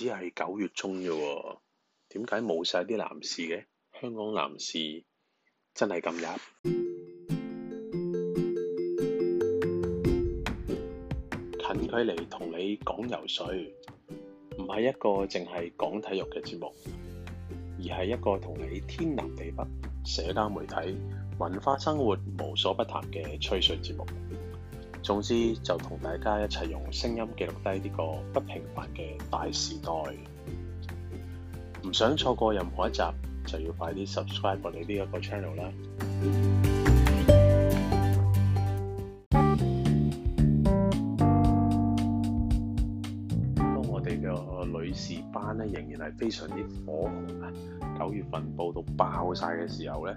只係九月中咋喎，點解冇晒啲男士嘅？香港男士真係咁日。近距離同你講游水，唔係一個淨係講體育嘅節目，而係一個同你天南地北、社交媒體、文化生活無所不談嘅吹水節目。總之，就同大家一齊用聲音記錄低呢個不平凡嘅大時代。唔想錯過任何一集，就要快啲 subscribe 落嚟呢一個 channel 啦。當我哋嘅女士班咧，仍然係非常之火紅，九月份報到爆曬嘅時候呢。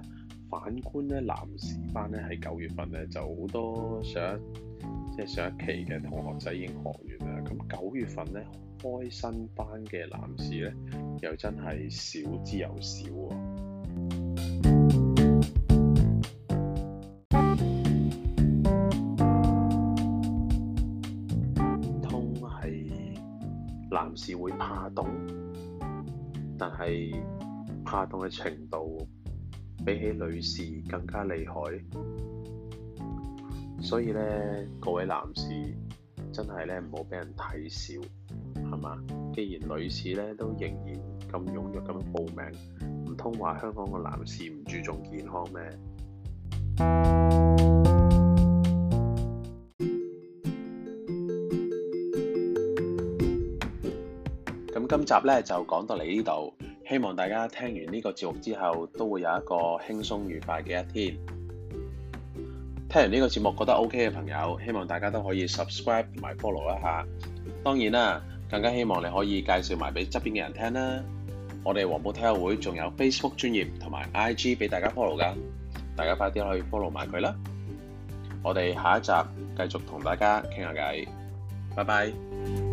反觀咧，男士班咧喺九月份咧就好多上一，即係上一期嘅同學仔已經學完啦。咁九月份咧開新班嘅男士咧，又真係少之又少喎、啊。通常係男士會怕凍，但係怕凍嘅程度，比起女士更加厲害，所以呢，各位男士真係呢唔好俾人睇小，係嘛？既然女士呢都仍然咁踴躍咁報名，唔通話香港嘅男士唔注重健康咩？咁今集呢，就講到嚟呢度。希望大家聽完呢個節目之後都會有一個輕鬆愉快嘅一天。聽完呢個節目覺得 OK 嘅朋友，希望大家都可以 subscribe 同埋 follow 一下。當然啦，更加希望你可以介紹埋俾側邊嘅人聽啦。我哋黃埔聽友會仲有 Facebook 專頁同埋 IG 俾大家 follow 㗎，大家快啲去 follow 埋佢啦。我哋下一集繼續同大家傾下偈，拜拜。